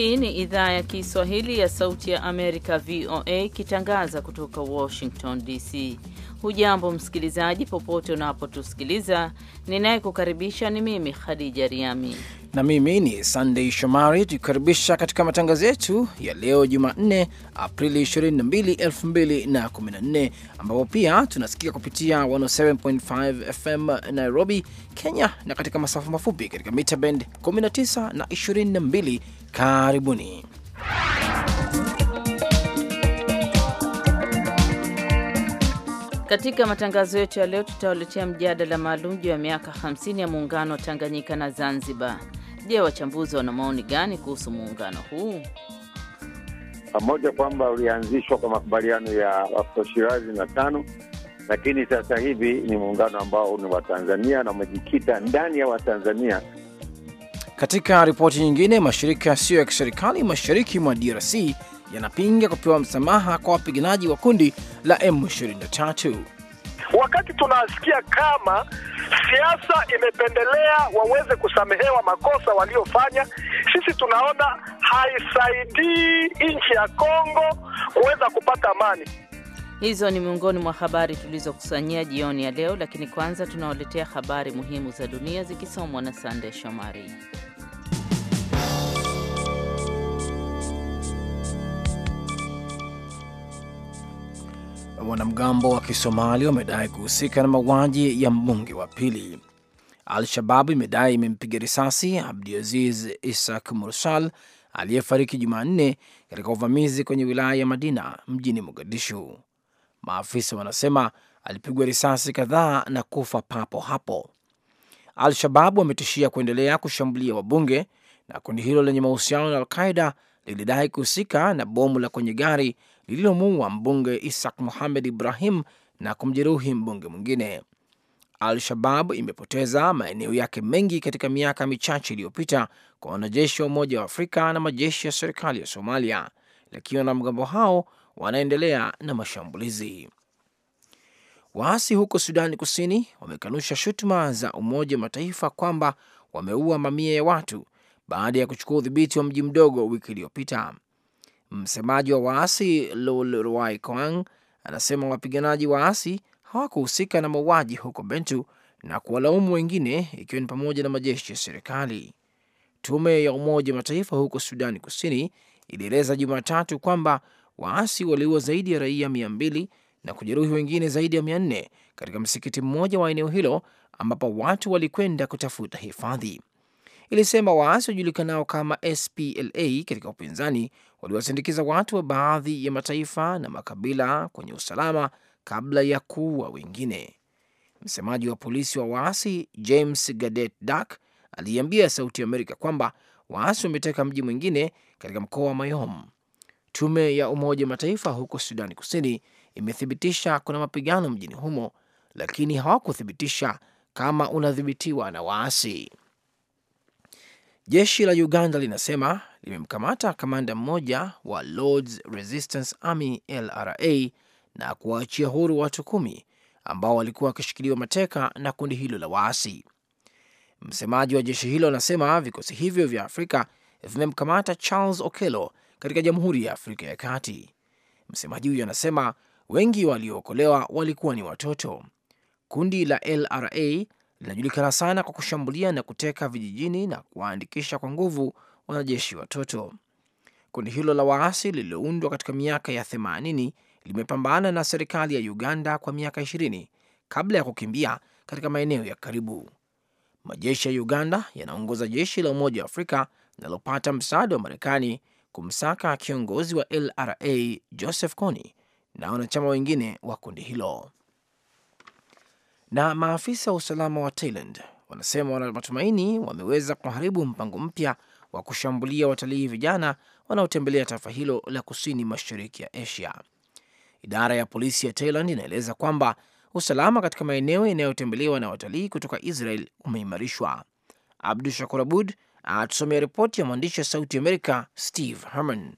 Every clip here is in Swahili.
Hii ni idhaa ya Kiswahili ya Sauti ya Amerika, VOA, ikitangaza kutoka Washington DC. Hujambo msikilizaji, popote unapotusikiliza. Ninayekukaribisha ni mimi Khadija Riami na mimi ni Sunday Shomari, tukikaribisha katika matangazo yetu ya leo Jumanne Aprili 22, 2014 ambapo pia tunasikika kupitia 107.5 FM Nairobi, Kenya na katika masafa mafupi katika mita bend 19 na 22. Karibuni. Katika matangazo yetu ya leo tutawaletea mjadala maalum juu ya miaka 50 ya muungano wa Tanganyika na Zanzibar. Je, wachambuzi wana maoni gani kuhusu muungano huu? Pamoja kwamba ulianzishwa kwa makubaliano ya Afro Shirazi na tano, lakini sasa hivi ni muungano ambao ni Watanzania na umejikita ndani ya Watanzania. Katika ripoti nyingine, mashirika yasiyo ya kiserikali mashariki mwa DRC yanapinga kupewa msamaha kwa wapiganaji wa kundi la M23 wakati tunasikia kama siasa imependelea waweze kusamehewa makosa waliofanya. Sisi tunaona haisaidii nchi ya Kongo kuweza kupata amani. Hizo ni miongoni mwa habari tulizokusanyia jioni ya leo, lakini kwanza tunawaletea habari muhimu za dunia zikisomwa na Sande Shomari. wanamgambo wa Kisomali wamedai kuhusika na mauaji ya mbunge wa pili. Al-Shabab imedai imempiga risasi Abdiaziz Isak Mursal aliyefariki Jumanne katika uvamizi kwenye wilaya ya Madina mjini Mogadishu. Maafisa wanasema alipigwa risasi kadhaa na kufa papo hapo. Al-Shabab wametishia kuendelea kushambulia wabunge, na kundi hilo lenye mahusiano na alqaida lilidai kuhusika na bomu la kwenye gari lililomuua mbunge Isaac Mohamed Ibrahim na kumjeruhi mbunge mwingine. Al-Shabab imepoteza maeneo yake mengi katika miaka michache iliyopita kwa wanajeshi wa Umoja wa Afrika na majeshi ya serikali ya Somalia, lakini wanamgambo hao wanaendelea na mashambulizi. Waasi huko Sudani Kusini wamekanusha shutuma za Umoja wa Mataifa kwamba wameua mamia ya watu baada ya kuchukua udhibiti wa mji mdogo wiki iliyopita. Msemaji wa waasi lul Ruai Koang anasema wapiganaji waasi hawakuhusika na mauaji huko Bentu na kuwalaumu wengine, ikiwa ni pamoja na majeshi ya serikali. Tume ya Umoja wa Mataifa huko Sudani Kusini ilieleza Jumatatu kwamba waasi waliua zaidi ya raia mia mbili na kujeruhi wengine zaidi ya mia nne katika msikiti mmoja wa eneo hilo ambapo watu walikwenda kutafuta hifadhi ilisema waasi wajulikanao kama SPLA katika upinzani waliwasindikiza watu wa baadhi ya mataifa na makabila kwenye usalama kabla ya kuua wengine. Msemaji wa polisi wa waasi James Gadet Dak aliyeambia Sauti ya Amerika kwamba waasi wameteka mji mwingine katika mkoa wa Mayom. Tume ya Umoja Mataifa huko Sudani Kusini imethibitisha kuna mapigano mjini humo, lakini hawakuthibitisha kama unadhibitiwa na waasi. Jeshi la Uganda linasema limemkamata kamanda mmoja wa Lords Resistance Army LRA na kuwaachia huru watu kumi ambao walikuwa wakishikiliwa mateka na kundi hilo la waasi. Msemaji wa jeshi hilo anasema vikosi hivyo vya Afrika vimemkamata Charles Okello katika Jamhuri ya Afrika ya Kati. Msemaji huyo anasema wengi waliookolewa walikuwa ni watoto. Kundi la LRA linajulikana sana kwa kushambulia na kuteka vijijini na kuwaandikisha kwa nguvu wanajeshi watoto. Kundi hilo la waasi lililoundwa katika miaka ya 80 limepambana na serikali ya Uganda kwa miaka 20 kabla ya kukimbia katika maeneo ya karibu. Majeshi ya Uganda yanaongoza jeshi la Umoja wa Afrika linalopata msaada wa Marekani kumsaka kiongozi wa LRA Joseph Kony na wanachama wengine wa kundi hilo na maafisa wa usalama wa Thailand wanasema wana matumaini wameweza kuharibu mpango mpya wa kushambulia watalii vijana wanaotembelea taifa hilo la kusini mashariki ya Asia. Idara ya polisi ya Thailand inaeleza kwamba usalama katika maeneo yanayotembelewa na watalii kutoka Israel umeimarishwa. Abdu Shakur Abud atusomea ripoti ya mwandishi wa Sauti Amerika Steve Herman.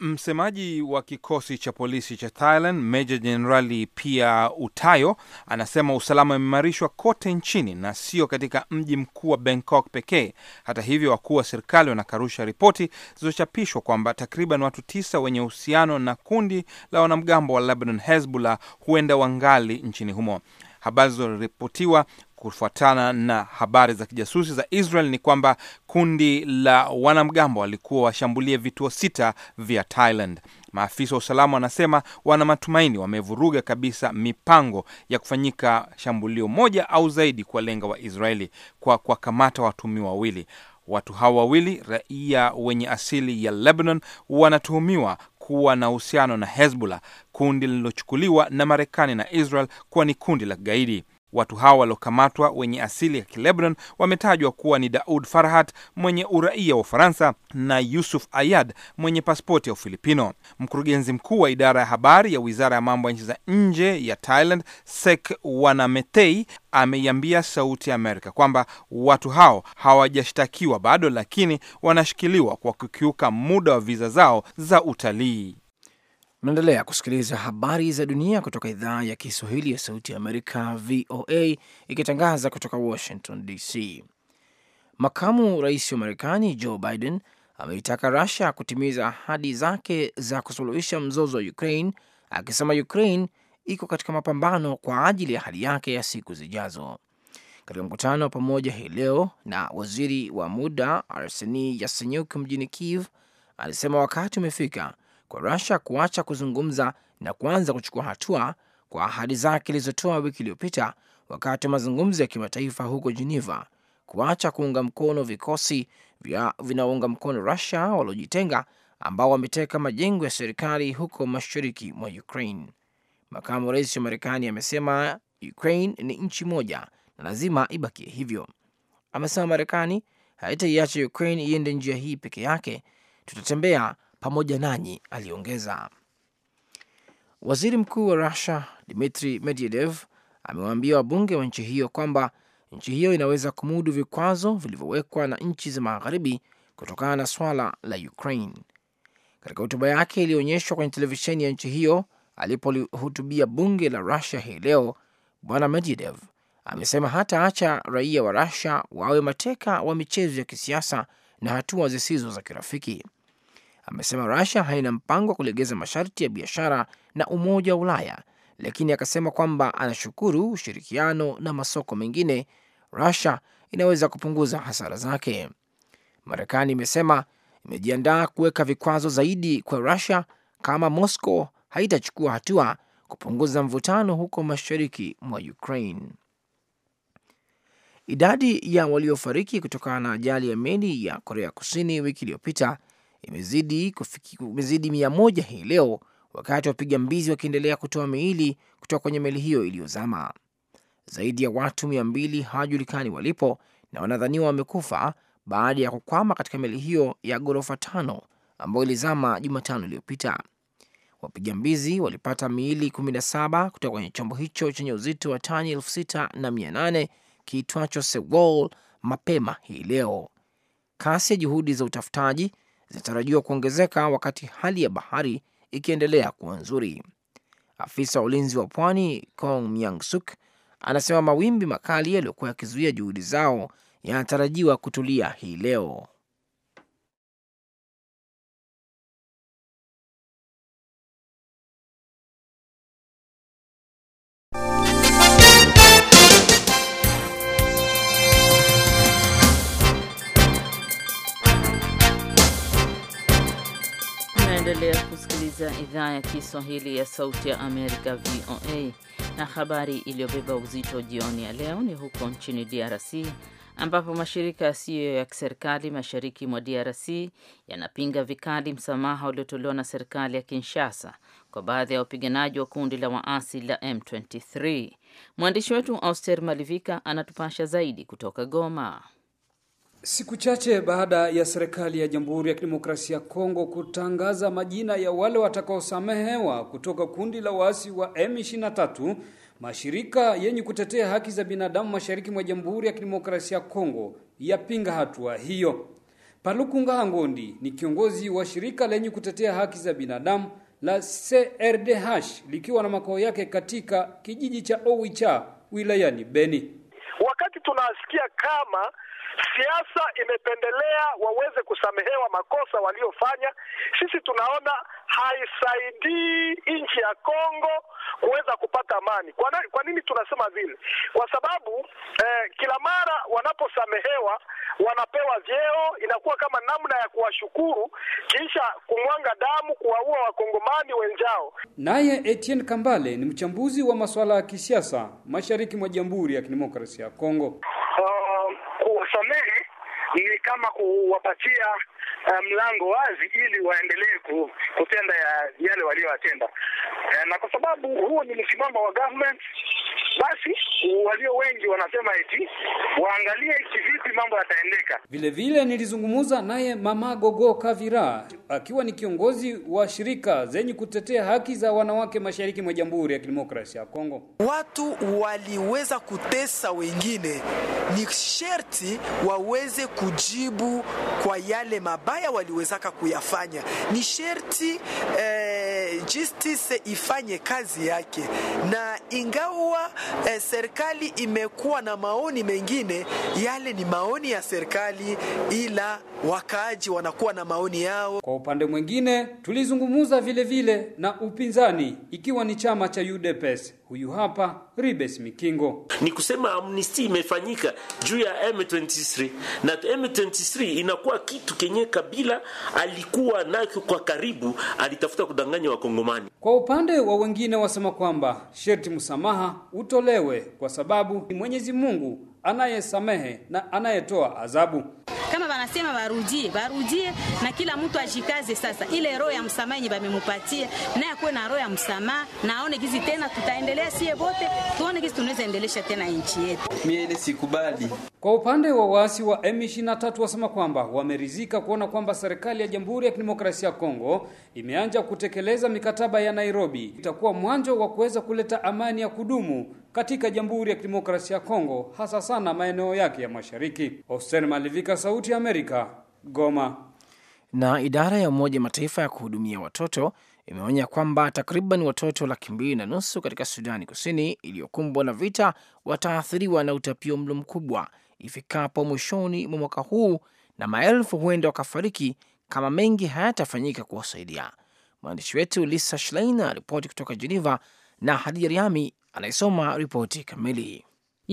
Msemaji wa kikosi cha polisi cha Thailand, Meja Jenerali Pia Utayo, anasema usalama umeimarishwa kote nchini na sio katika mji mkuu wa Bangkok pekee. Hata hivyo, wakuu wa serikali wanakarusha ripoti zilizochapishwa kwamba takriban watu tisa wenye uhusiano na kundi la wanamgambo wa Lebanon, Hezbollah, huenda wangali nchini humo. Habari zilizoripotiwa kufuatana na habari za kijasusi za Israel ni kwamba kundi la wanamgambo walikuwa washambulie vituo sita vya Thailand. Maafisa wa usalama wanasema wana matumaini wamevuruga kabisa mipango ya kufanyika shambulio moja au zaidi kuwalenga Waisraeli kwa kuwakamata watuhumiwa wawili. Watu hawa wawili raia wenye asili ya Lebanon wanatuhumiwa kuwa na uhusiano na Hezbollah, kundi lililochukuliwa na Marekani na Israel kuwa ni kundi la kigaidi. Watu hawa waliokamatwa wenye asili ya Kilebanon wametajwa kuwa ni Daud Farhat mwenye uraia wa Ufaransa na Yusuf Ayad mwenye paspoti ya Ufilipino. Mkurugenzi mkuu wa idara ya habari ya wizara ya mambo ya nchi za nje ya Thailand, Sek Wanametei, ameiambia Sauti ya Amerika kwamba watu hao hawajashtakiwa bado, lakini wanashikiliwa kwa kukiuka muda wa viza zao za utalii. Mnaendelea kusikiliza habari za dunia kutoka idhaa ya Kiswahili ya Sauti ya Amerika, VOA, ikitangaza kutoka Washington DC. Makamu rais wa Marekani Joe Biden ameitaka Rusia kutimiza ahadi zake za kusuluhisha mzozo wa Ukraine, akisema Ukraine iko katika mapambano kwa ajili ya hali yake ya siku zijazo. Katika mkutano wa pamoja hii leo na waziri wa muda arseni yasenyuk mjini Kiev, alisema wakati umefika kwa Rusia kuacha kuzungumza na kuanza kuchukua hatua kwa ahadi zake ilizotoa wiki iliyopita wakati wa mazungumzo ya kimataifa huko Geneva, kuacha kuunga mkono vikosi vinaounga mkono Rusia waliojitenga ambao wameteka majengo ya serikali huko mashariki mwa Ukraine. Makamu rais wa Marekani amesema Ukraine ni nchi moja na lazima ibakie hivyo. Amesema Marekani haitaiacha Ukraine iende njia hii peke yake, tutatembea pamoja nanyi, aliongeza. Waziri Mkuu wa Rusia Dmitri Medvedev amewaambia wabunge wa nchi hiyo kwamba nchi hiyo inaweza kumudu vikwazo vilivyowekwa na nchi za magharibi kutokana na swala la Ukraine. Katika hotuba yake iliyoonyeshwa kwenye televisheni ya nchi hiyo alipolihutubia bunge la Rusia hii leo, Bwana Medvedev amesema hata acha raia wa Rusia wawe mateka wa michezo ya kisiasa na hatua zisizo za kirafiki amesema Rusia haina mpango wa kulegeza masharti ya biashara na Umoja wa Ulaya, lakini akasema kwamba anashukuru ushirikiano na masoko mengine, Rusia inaweza kupunguza hasara zake. Marekani imesema imejiandaa kuweka vikwazo zaidi kwa Rusia kama Moscow haitachukua hatua kupunguza mvutano huko mashariki mwa Ukraine. Idadi ya waliofariki kutokana na ajali ya meli ya Korea Kusini wiki iliyopita imezidi kufiki, imezidi mia moja hii leo, wakati wapiga mbizi wakiendelea kutoa miili kutoka kwenye meli hiyo iliyozama. Zaidi ya watu mia mbili hawajulikani walipo na wanadhaniwa wamekufa baada ya kukwama katika meli hiyo ya ghorofa tano ambayo ilizama Jumatano iliyopita. Wapiga mbizi walipata miili 17 kutoka kwenye chombo hicho chenye uzito wa tani elfu na kiitwacho Sewol mapema hii leo. Kasi ya juhudi za utafutaji zinatarajiwa kuongezeka wakati hali ya bahari ikiendelea kuwa nzuri. Afisa wa ulinzi wa pwani Kong Myang Suk anasema mawimbi makali yaliyokuwa yakizuia juhudi zao yanatarajiwa kutulia hii leo. Mnaendelea kusikiliza idhaa ya Kiswahili ya Sauti ya Amerika, VOA, na habari iliyobeba uzito jioni ya leo ni huko nchini DRC ambapo mashirika yasiyo ya kiserikali mashariki mwa DRC yanapinga vikali msamaha uliotolewa na serikali ya Kinshasa kwa baadhi ya wapiganaji wa kundi la waasi la M23. Mwandishi wetu Auster Malivika anatupasha zaidi kutoka Goma. Siku chache baada ya serikali ya Jamhuri ya Kidemokrasia ya Kongo kutangaza majina ya wale watakaosamehewa kutoka kundi la waasi wa M23, mashirika yenye kutetea haki za binadamu mashariki mwa Jamhuri ya Kidemokrasia ya Kongo yapinga hatua hiyo. Paluku Ngangondi ni kiongozi wa shirika lenye kutetea haki za binadamu la CRDH likiwa na makao yake katika kijiji cha Owicha wilayani Beni. Wakati tunasikia kama Siasa imependelea waweze kusamehewa makosa waliofanya. Sisi tunaona haisaidii nchi ya Kongo kuweza kupata amani. Kwa, kwa nini tunasema vile? Kwa sababu eh, kila mara wanaposamehewa wanapewa vyeo, inakuwa kama namna ya kuwashukuru kisha kumwanga damu, kuwaua wakongomani wenzao. Naye Etienne Kambale ni mchambuzi wa masuala ya kisiasa mashariki mwa Jamhuri ya Kidemokrasia ya Kongo. Um, kusamehe ni kama kuwapatia uh, mlango wazi ili waendelee kutenda ya, yale walioyatenda uh, na kwa sababu huo ni msimamo wa government, basi walio wengi wanasema eti waangalie kivipi mambo yataendeka. Vile vile nilizungumza naye Mama Gogo Kavira akiwa ni kiongozi wa shirika zenye kutetea haki za wanawake mashariki mwa Jamhuri ya Kidemokrasia ya Kongo. Watu waliweza kutesa wengine, ni sherti waweze kujibu kwa yale ma mabaya waliwezaka kuyafanya. Ni sherti eh, Eh, justice ifanye kazi yake, na ingawa e, serikali imekuwa na maoni mengine, yale ni maoni ya serikali, ila wakaaji wanakuwa na maoni yao. Kwa upande mwingine, tulizungumza vile vile na upinzani ikiwa ni chama cha UDPS. Huyu hapa Ribes Mikingo. Ni kusema amnisti imefanyika juu ya M23 na M23 inakuwa kitu kenye Kabila alikuwa nayo kwa karibu, alitafuta kudanganya Wakongomani. Kwa upande wa wengine wasema kwamba sherti msamaha utolewe kwa sababu Mwenyezi Mungu anayesamehe na anayetoa adhabu. Kama wanasema warudie, warudie na kila mtu ajikaze sasa, ile roho ya msamaha yenye bamemupatia naye akuwe na roho ya msamaha, na aone gizi tena tutaendelea sie wote, tuone gizi tunaweza endelesha tena nchi yetu. Mimi ile sikubali. Kwa upande wa waasi wa M23 wasema kwamba wameridhika kuona kwamba serikali ya Jamhuri ya Kidemokrasia ya Kongo imeanza kutekeleza mikataba ya Nairobi, itakuwa mwanzo wa kuweza kuleta amani ya kudumu katika Jamhuri ya Kidemokrasia ya Kongo, hasa sana maeneo yake ya mashariki. Hossein Malivika, Sauti ya Amerika, Goma. Na idara ya Umoja Mataifa ya kuhudumia watoto imeonya kwamba takriban watoto laki mbili na nusu katika Sudani Kusini iliyokumbwa na vita wataathiriwa na utapio mlo mkubwa ifikapo mwishoni mwa mwaka huu, na maelfu huenda wakafariki kama mengi hayatafanyika kuwasaidia. Mwandishi wetu Lisa Schlein aripoti kutoka Geneva na Hadija Riami anayesoma ripoti kamili.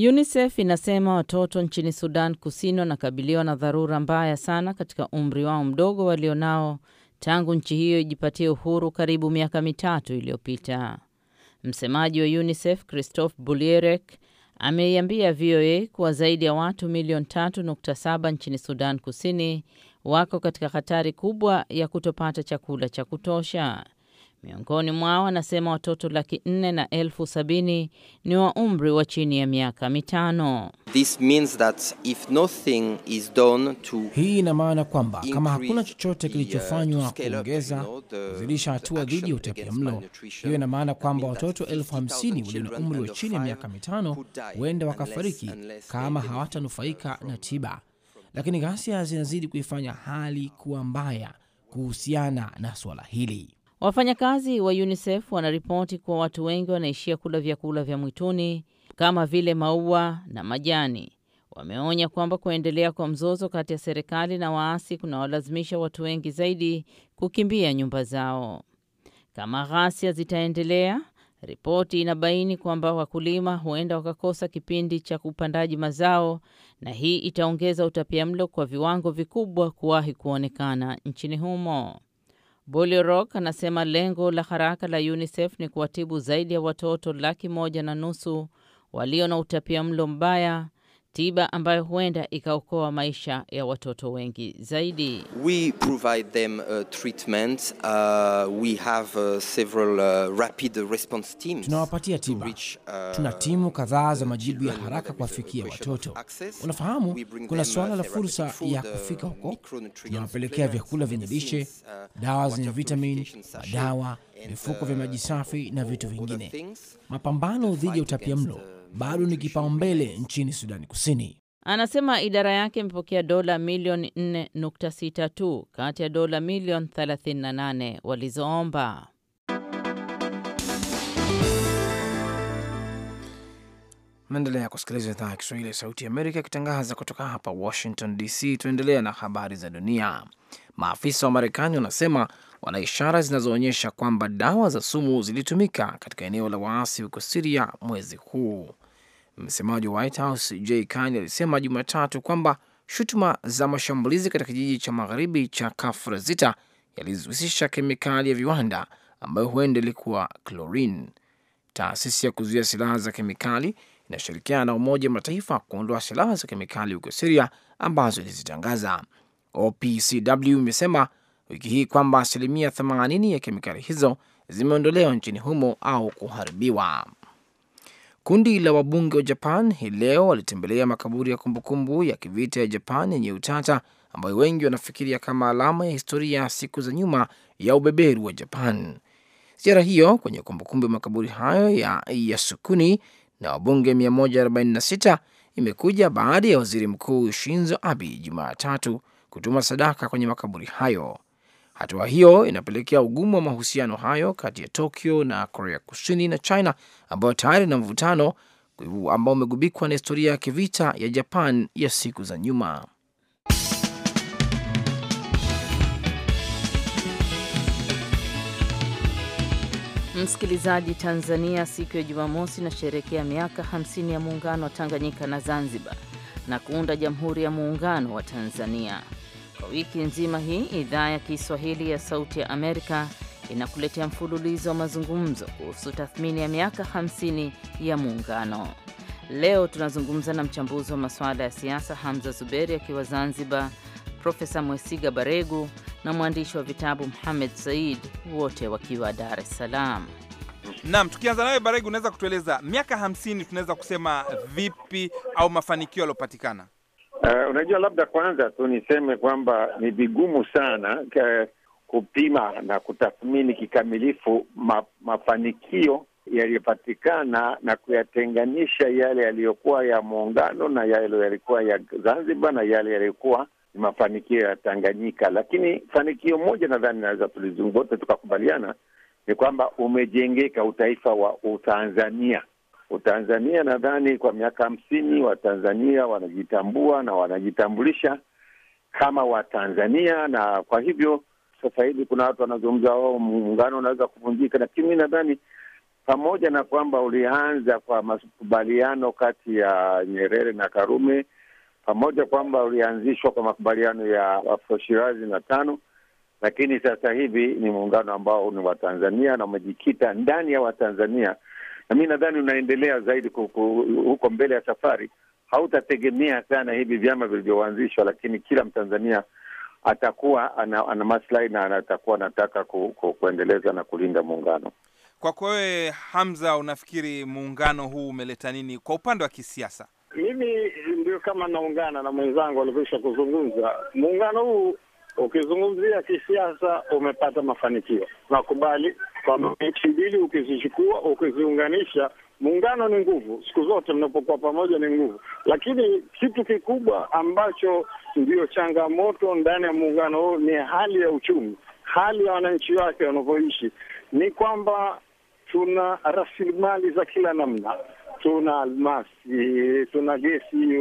UNICEF inasema watoto nchini Sudan Kusini wanakabiliwa na dharura mbaya sana katika umri wao mdogo walionao tangu nchi hiyo ijipatie uhuru karibu miaka mitatu iliyopita. Msemaji wa UNICEF Christophe Bulierek ameiambia VOA kuwa zaidi ya watu milioni 3.7 nchini Sudan Kusini wako katika hatari kubwa ya kutopata chakula cha kutosha. Miongoni mwao anasema watoto laki nne na elfu sabini ni wa umri wa chini ya miaka mitano. This means that if nothing is done to, hii ina maana kwamba kama hakuna chochote uh, kilichofanywa kuongeza kuzidisha hatua dhidi ya utapia mlo, hiyo ina maana kwamba watoto elfu hamsini walio na umri wa chini ya miaka mitano huenda wakafariki kama hawatanufaika na tiba. Lakini ghasia zinazidi kuifanya hali kuwa mbaya kuhusiana na suala hili. Wafanyakazi wa UNICEF wanaripoti kuwa watu wengi wanaishia kula vyakula vya mwituni kama vile maua na majani. Wameonya kwamba kuendelea kwa mzozo kati ya serikali na waasi kunawalazimisha watu wengi zaidi kukimbia nyumba zao. Kama ghasia zitaendelea, ripoti inabaini kwamba wakulima huenda wakakosa kipindi cha upandaji mazao, na hii itaongeza utapiamlo kwa viwango vikubwa kuwahi kuonekana nchini humo. Bolirok anasema lengo la haraka la UNICEF ni kuwatibu zaidi ya watoto laki moja na nusu walio na utapia mlo mbaya tiba ambayo huenda ikaokoa maisha ya watoto wengi zaidi. We provide them a uh, treatment. Uh, we have uh, several uh, rapid response teams. Tunawapatia tiba. Uh, tuna timu kadhaa za majibu ya haraka kuwafikia watoto. Unafahamu kuna uh, suala la fursa ya uh, kufika huko. Tunawapelekea vyakula vyenye lishe, dawa zenye vitamin, madawa, vifuko vya maji safi na vitu vingine. Mapambano dhidi ya utapia mlo bado ni kipaumbele nchini Sudani Kusini. Anasema idara yake imepokea dola milioni tu kati ya dola milioni 38 walizoomba. Naendelea kusikiliza idhaa ya Kiswahili ya Sauti ya Amerika ikitangaza kutoka hapa Washington DC. Tuendelea na habari za dunia. Maafisa wa Marekani wanasema wana ishara zinazoonyesha kwamba dawa za sumu zilitumika katika eneo la waasi huko Siria mwezi huu. Msemaji wa White House Jay Carney alisema Jumatatu kwamba shutuma za mashambulizi katika kijiji cha magharibi cha Kafr Zita yalihusisha kemikali ya viwanda ambayo huenda ilikuwa chlorine. Taasisi ya kuzuia silaha za kemikali inashirikiana na Umoja wa Mataifa kuondoa silaha za kemikali huko Siria ambazo ilizitangaza. OPCW imesema wiki hii kwamba asilimia 80 ya kemikali hizo zimeondolewa nchini humo au kuharibiwa. Kundi la wabunge wa Japan hii leo walitembelea makaburi ya kumbukumbu ya kivita ya Japan yenye utata ambayo wengi wanafikiria kama alama ya historia ya siku za nyuma ya ubeberu wa Japan. Ziara hiyo kwenye kumbukumbu ya makaburi hayo ya Yasukuni na wabunge 146 imekuja baada ya waziri mkuu Shinzo Abe Jumatatu kutuma sadaka kwenye makaburi hayo. Hatua hiyo inapelekea ugumu wa mahusiano hayo kati ya Tokyo na Korea Kusini na China ambayo tayari na mvutano ambao umegubikwa na historia ya kivita ya Japan ya siku za nyuma. Msikilizaji, Tanzania siku ya Jumamosi inasherehekea miaka 50 ya muungano wa Tanganyika na Zanzibar na kuunda Jamhuri ya Muungano wa Tanzania. Kwa wiki nzima hii idhaa ya Kiswahili ya Sauti ya Amerika inakuletea mfululizo wa mazungumzo kuhusu tathmini ya miaka 50 ya Muungano. Leo tunazungumza na mchambuzi wa masuala ya siasa Hamza Zuberi akiwa Zanzibar, Profesa Mwesiga Baregu na mwandishi wa vitabu Muhamed Said, wote wakiwa Dar es Salaam. Naam, tukianza nawe Baregu, unaweza kutueleza miaka 50 tunaweza kusema vipi au mafanikio yaliyopatikana? Uh, unajua labda kwanza tu niseme kwamba ni vigumu sana ke, eh, kupima na kutathmini kikamilifu ma, mafanikio yaliyopatikana na kuyatenganisha yale yaliyokuwa ya muungano na yale yalikuwa ya Zanzibar na yale yaliyokuwa ni mafanikio ya Tanganyika. Lakini fanikio moja nadhani naweza tulizungumza tukakubaliana ni kwamba umejengeka utaifa wa Utanzania Utanzania nadhani kwa miaka hamsini Watanzania wanajitambua na wanajitambulisha kama Watanzania, na kwa hivyo sasa hivi kuna watu wanazungumza wao, oh, muungano unaweza kuvunjika, lakini mi nadhani pamoja na kwamba ulianza kwa makubaliano kati ya Nyerere na Karume, pamoja kwamba ulianzishwa kwa makubaliano ya Afro Shirazi na tano, lakini sasa hivi ni muungano ambao ni Watanzania na umejikita ndani ya Watanzania na mi nadhani unaendelea zaidi huko mbele ya safari, hautategemea sana hivi vyama vilivyoanzishwa, lakini kila Mtanzania atakuwa ana, ana maslahi na atakuwa anataka ku, ku, kuendeleza na kulinda muungano. Kwako wewe Hamza, unafikiri muungano huu umeleta nini kwa upande wa kisiasa? Mimi ndio kama naungana na mwenzangu alivyoisha kuzungumza. Muungano huu ukizungumzia kisiasa umepata mafanikio, nakubali kwa mechi mbili ukizichukua ukiziunganisha, muungano ni nguvu siku zote, mnapokuwa pamoja ni nguvu. Lakini kitu kikubwa ambacho ndiyo changamoto ndani ya muungano huu ni hali ya uchumi, hali ya wananchi wake wanavyoishi. Ni kwamba tuna rasilimali za kila namna tuna almasi, tuna gesi,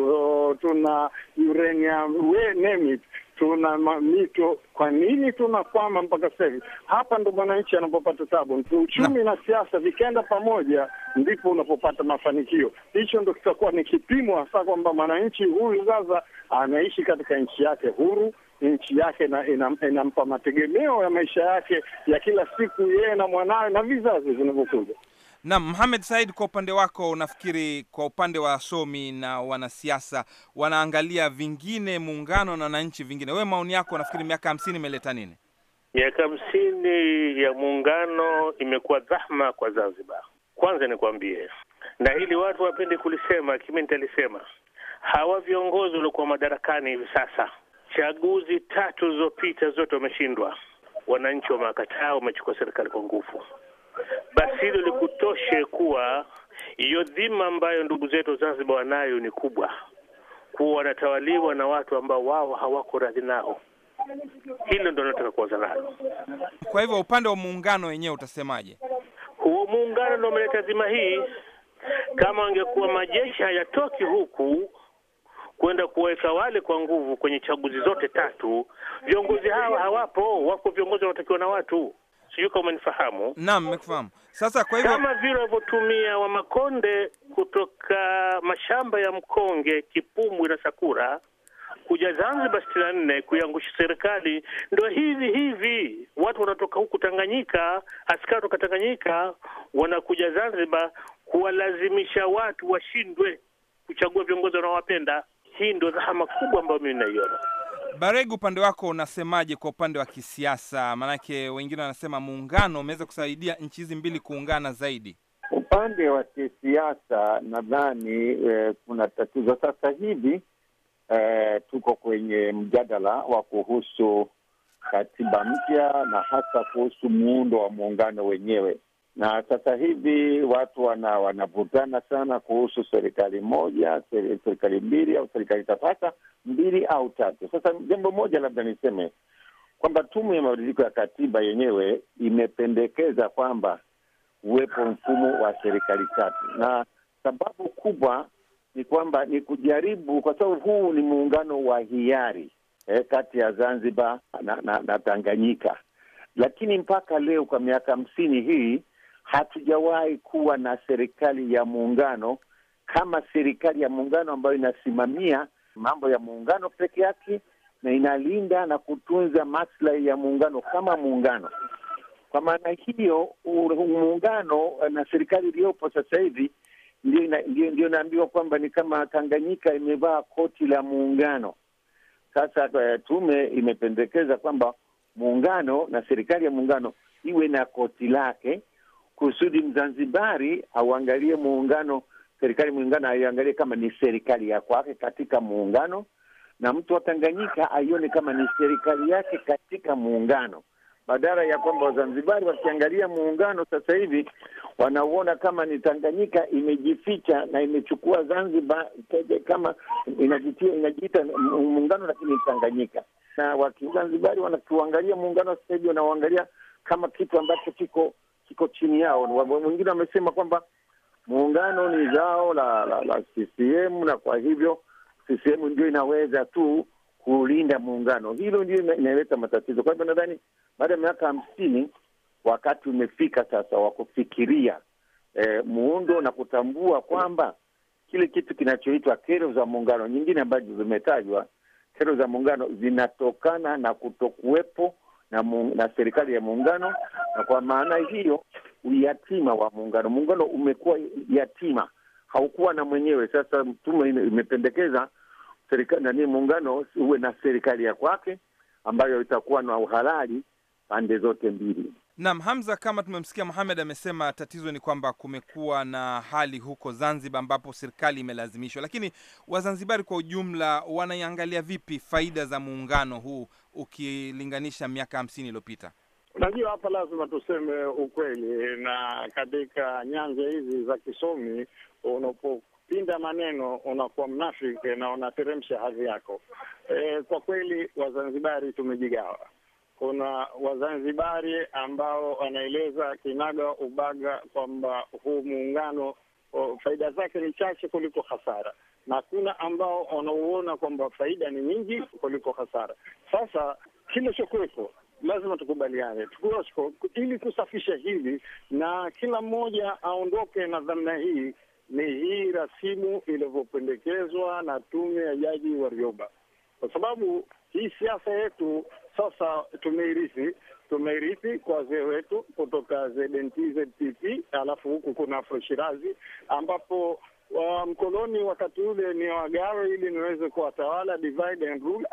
tuna uranium, we name it tuna mito Kwa nini tunakwama mpaka sasa hivi? Hapa ndo mwananchi anapopata tabu. Uchumi na siasa vikenda pamoja, ndipo unapopata mafanikio. Hicho ndo kitakuwa ni kipimo hasa kwamba mwananchi huyu sasa anaishi katika nchi yake huru nchi yake inampa ina, ina mategemeo ya maisha yake ya kila siku, yeye na mwanawe na vizazi vinavyokuja. Na Mohamed Said, kwa upande wako unafikiri kwa upande wa wasomi na wanasiasa wanaangalia vingine muungano na wananchi vingine, wewe maoni yako, unafikiri miaka hamsini imeleta nini? Miaka hamsini ya muungano imekuwa dhahma kwa Zanzibar. Kwanza nikwambie, na hili watu wapende kulisema, kimi nitalisema, hawa viongozi waliokuwa madarakani hivi sasa, chaguzi tatu zilizopita zote wameshindwa, wananchi wamewakataa, wamechukua serikali kwa nguvu basi hilo likutoshe kuwa hiyo dhima ambayo ndugu zetu Zanzibar wanayo ni kubwa, kuwa wanatawaliwa na watu ambao wao hawako radhi nao. Hilo ndo nataka kuanza nalo. Kwa hivyo upande wa muungano wenyewe utasemaje? Huo muungano ndo umeleta dhima hii. Kama wangekuwa majeshi hayatoki huku kwenda kuwaweka wale kwa nguvu kwenye chaguzi zote tatu, viongozi hawa hawapo, wako viongozi wanaotakiwa na watu sijui kama umenifahamu. Naam, nimekufahamu. Sasa kwa hivyo kama vile walivyotumia Wamakonde kutoka mashamba ya mkonge, Kipumbwi na Sakura kuja Zanzibar sitini na nne kuiangusha serikali. Ndo hivi hivi watu wanatoka huku Tanganyika, askari kutoka Tanganyika wanakuja Zanzibar kuwalazimisha watu washindwe kuchagua viongozi wanaowapenda. Hii ndo dhahama kubwa ambayo mimi naiona. Baregu, upande wako unasemaje kwa upande wa kisiasa? Maanake wengine wanasema muungano umeweza kusaidia nchi hizi mbili kuungana zaidi. Upande wa kisiasa nadhani e, kuna tatizo sasa hivi e, tuko kwenye mjadala wa kuhusu katiba mpya na hasa kuhusu muundo wa muungano wenyewe na sasa hivi watu wana, wanavutana sana kuhusu serikali moja, serikali mbili au serikali tatu, hata mbili au tatu. Sasa jambo moja labda niseme kwamba tume ya mabadiliko ya katiba yenyewe imependekeza kwamba uwepo mfumo wa serikali tatu, na sababu kubwa ni kwamba ni kujaribu, kwa sababu huu ni muungano wa hiari eh, kati ya Zanzibar na, na, na Tanganyika, lakini mpaka leo kwa miaka hamsini hii hatujawahi kuwa na serikali ya muungano kama serikali ya muungano ambayo inasimamia mambo ya muungano peke yake na inalinda na kutunza maslahi ya muungano kama muungano. Kwa maana hiyo, muungano na serikali iliyopo sasa hivi ndio inaambiwa kwamba ni kama Tanganyika imevaa koti la muungano. Sasa eh, tume imependekeza kwamba muungano na serikali ya muungano iwe na koti lake kusudi Mzanzibari auangalie muungano, serikali muungano aiangalie kama ni serikali ya kwake katika muungano, na mtu wa Tanganyika aione kama ni serikali yake katika muungano, badala ya kwamba Wazanzibari wakiangalia muungano sasa hivi wanauona kama ni Tanganyika imejificha na imechukua Zanzibar kama inajitia, inajiita muungano lakini Tanganyika, na Wazanzibari wanakuangalia muungano sasa hivi wanauangalia kama kitu ambacho kiko kiko chini yao. Mwingine wamesema kwamba muungano ni zao la, la, la CCM na kwa hivyo CCM ndio inaweza tu kulinda muungano. Hilo ndio inaleta matatizo. Kwa hivyo nadhani baada ya miaka hamsini wakati umefika sasa wa kufikiria e, muundo na kutambua kwamba kile kitu kinachoitwa kero za muungano, nyingine ambazo zimetajwa, kero za muungano zinatokana na kutokuwepo na, na serikali ya muungano, na kwa maana hiyo uyatima wa muungano, muungano umekuwa yatima, haukuwa na mwenyewe. Sasa mtume imependekeza serikali nani, muungano uwe na serikali ya kwake ambayo itakuwa na uhalali pande zote mbili nam Hamza, kama tumemsikia muhamed amesema tatizo ni kwamba kumekuwa na hali huko Zanzibar ambapo serikali imelazimishwa, lakini Wazanzibari kwa ujumla wanaiangalia vipi faida za muungano huu ukilinganisha miaka hamsini iliyopita? Unajua, hapa lazima tuseme ukweli, na katika nyanja hizi za kisomi unapo pinda maneno unakuwa mnafiki na unateremsha hadhi yako. E, kwa kweli Wazanzibari tumejigawa kuna Wazanzibari ambao wanaeleza kinaga ubaga kwamba huu muungano faida zake ni chache kuliko hasara, na kuna ambao wanauona kwamba faida ni nyingi kuliko hasara. Sasa kile chokuwepo lazima tukubaliane tuko ili kusafisha hili, na kila mmoja aondoke na dhamna hii. Ni hii rasimu ilivyopendekezwa na tume ya Jaji wa rioba kwa sababu hii siasa yetu sasa tumeirithi tumeirithi kwa wazee wetu kutoka ZNT alafu huku kuna Afroshirazi ambapo wa mkoloni wakati ule ni wagawe ili niweze kuwatawala, divide and rule,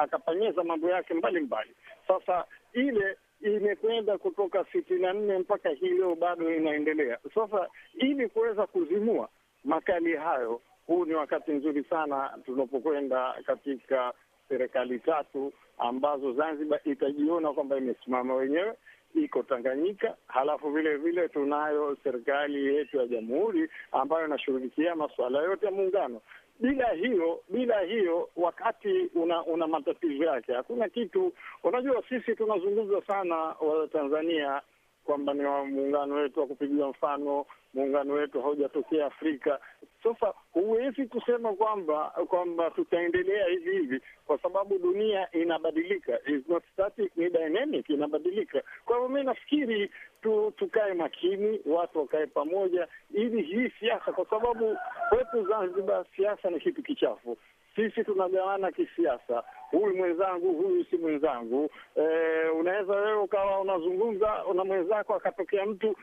mambo yake mbalimbali. Sasa ile imekwenda kutoka sitini na nne mpaka hii leo bado inaendelea. Sasa ili kuweza kuzimua makali hayo, huu ni wakati mzuri sana tunapokwenda katika serikali tatu ambazo Zanzibar itajiona kwamba imesimama wenyewe iko Tanganyika. Halafu vile vile tunayo serikali yetu ya jamhuri ambayo inashughulikia masuala yote ya muungano. Bila hiyo, bila hiyo, wakati una una matatizo yake, hakuna kitu. Unajua, sisi tunazungumza sana Watanzania kwamba ni muungano wetu wa kupigiwa mfano, muungano wetu haujatokea Afrika. Sasa huwezi kusema kwamba kwamba tutaendelea hivi hivi, kwa sababu dunia inabadilika, is not static, ni dynamic, inabadilika. Kwa hivyo mi nafikiri tu tukae makini, watu wakae pamoja, ili hii siasa, kwa sababu kwetu Zanzibar siasa ni kitu kichafu sisi tunagawana kisiasa, huyu mwenzangu, huyu si mwenzangu. E, unaweza wewe ukawa unazungumza na mwenzako akatokea mtu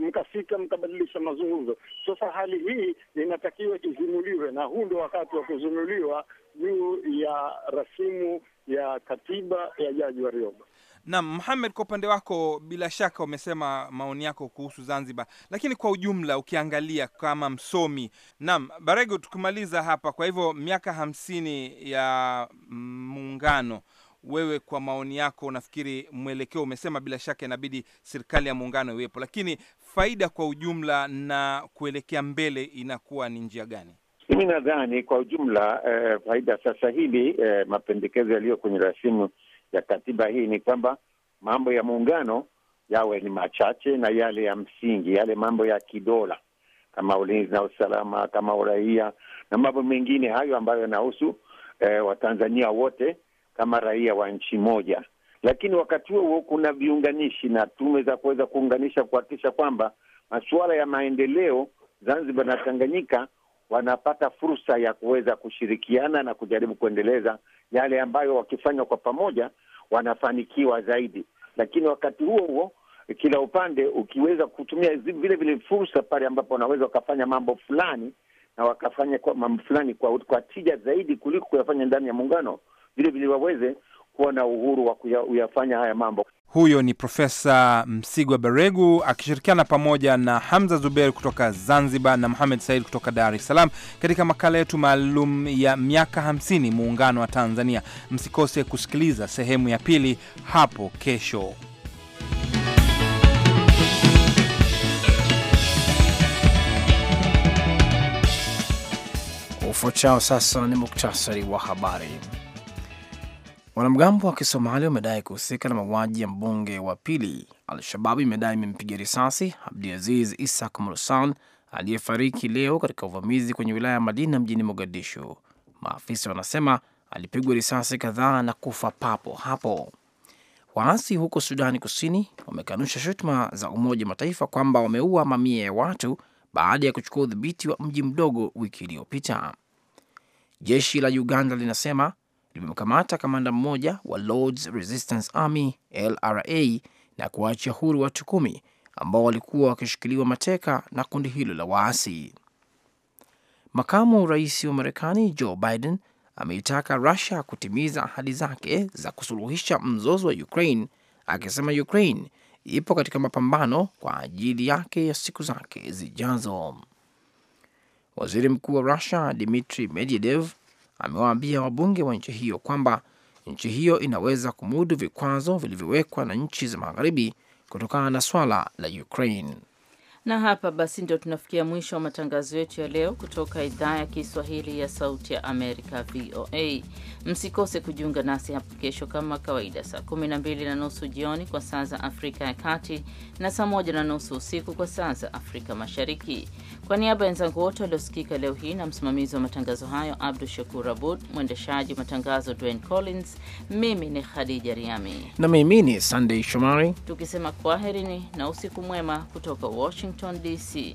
mkafika mkabadilisha mazungumzo. Sasa hali hii inatakiwa izimuliwe, na huu ndo wakati wa kuzimuliwa juu ya rasimu ya katiba ya Jaji Warioba. Naam, Muhammad, kwa upande wako bila shaka umesema maoni yako kuhusu Zanzibar, lakini kwa ujumla ukiangalia kama msomi. Naam, Baregu, tukimaliza hapa, kwa hivyo miaka hamsini ya muungano wewe kwa maoni yako unafikiri mwelekeo, umesema bila shaka inabidi serikali ya muungano iwepo, lakini faida kwa ujumla na kuelekea mbele inakuwa ni njia gani? Mimi nadhani kwa ujumla eh, faida sasa hivi eh, mapendekezo yaliyo kwenye rasimu ya katiba hii ni kwamba mambo ya muungano yawe ni machache na yale ya msingi, yale mambo ya kidola kama ulinzi na usalama, kama uraia na mambo mengine hayo ambayo yanahusu eh, Watanzania wote kama raia wa nchi moja. Lakini wakati huo huo kuna viunganishi na tume za kuweza kuunganisha, kuhakikisha kwamba masuala ya maendeleo Zanzibar na Tanganyika wanapata fursa ya kuweza kushirikiana na kujaribu kuendeleza yale ambayo wakifanywa kwa pamoja wanafanikiwa zaidi. Lakini wakati huo huo kila upande ukiweza kutumia vile vile fursa pale ambapo wanaweza wakafanya mambo fulani na wakafanya kwa mambo fulani kwa, kwa tija zaidi kuliko kuyafanya ndani ya muungano, vile vile waweze kuwa na uhuru wa kuyafanya haya mambo. Huyo ni Profesa Msigwa Baregu akishirikiana pamoja na Hamza Zuberi kutoka Zanzibar na muhamed Said kutoka Dar es Salaam katika makala yetu maalum ya miaka 50 muungano wa Tanzania. Msikose kusikiliza sehemu ya pili hapo kesho. Ufuatao sasa ni muktasari wa habari. Wanamgambo wa Kisomali wamedai kuhusika na mauaji ya mbunge wa pili. Al-Shababu imedai imempiga risasi Abdiaziz Isak Mursan aliyefariki leo katika uvamizi kwenye wilaya ya Madina mjini Mogadishu. Maafisa wanasema alipigwa risasi kadhaa na kufa papo hapo. Waasi huko Sudani Kusini wamekanusha shutuma za Umoja Mataifa kwamba wameua mamia ya watu baada ya kuchukua udhibiti wa mji mdogo wiki iliyopita. Jeshi la Uganda linasema limemkamata kamanda mmoja wa Lords Resistance Army LRA na kuwaachia huru watu kumi ambao walikuwa wakishikiliwa mateka na kundi hilo la waasi. Makamu rais wa Marekani Joe Biden ameitaka Rusia kutimiza ahadi zake za kusuluhisha mzozo wa Ukraine, akisema Ukraine ipo katika mapambano kwa ajili yake ya siku zake zijazo. Waziri mkuu wa Rusia Dmitri Medvedev amewaambia wabunge wa nchi hiyo kwamba nchi hiyo inaweza kumudu vikwazo vilivyowekwa na nchi za magharibi kutokana na swala la Ukraine. Na hapa basi ndio tunafikia mwisho wa matangazo yetu ya leo kutoka idhaa ya Kiswahili ya Sauti ya Amerika, VOA. Msikose kujiunga nasi hapo kesho kama kawaida, saa 12 na nusu jioni kwa saa za Afrika ya Kati na saa 1 na nusu usiku kwa saa za Afrika Mashariki. Kwa niaba ya wenzangu wote waliosikika leo hii na msimamizi wa matangazo hayo Abdu Shakur Abud, mwendeshaji wa matangazo Dwayne Collins, mimi ni Khadija Riami na mimi ni sandey Shomari, tukisema kwaherini na usiku mwema kutoka Washington DC.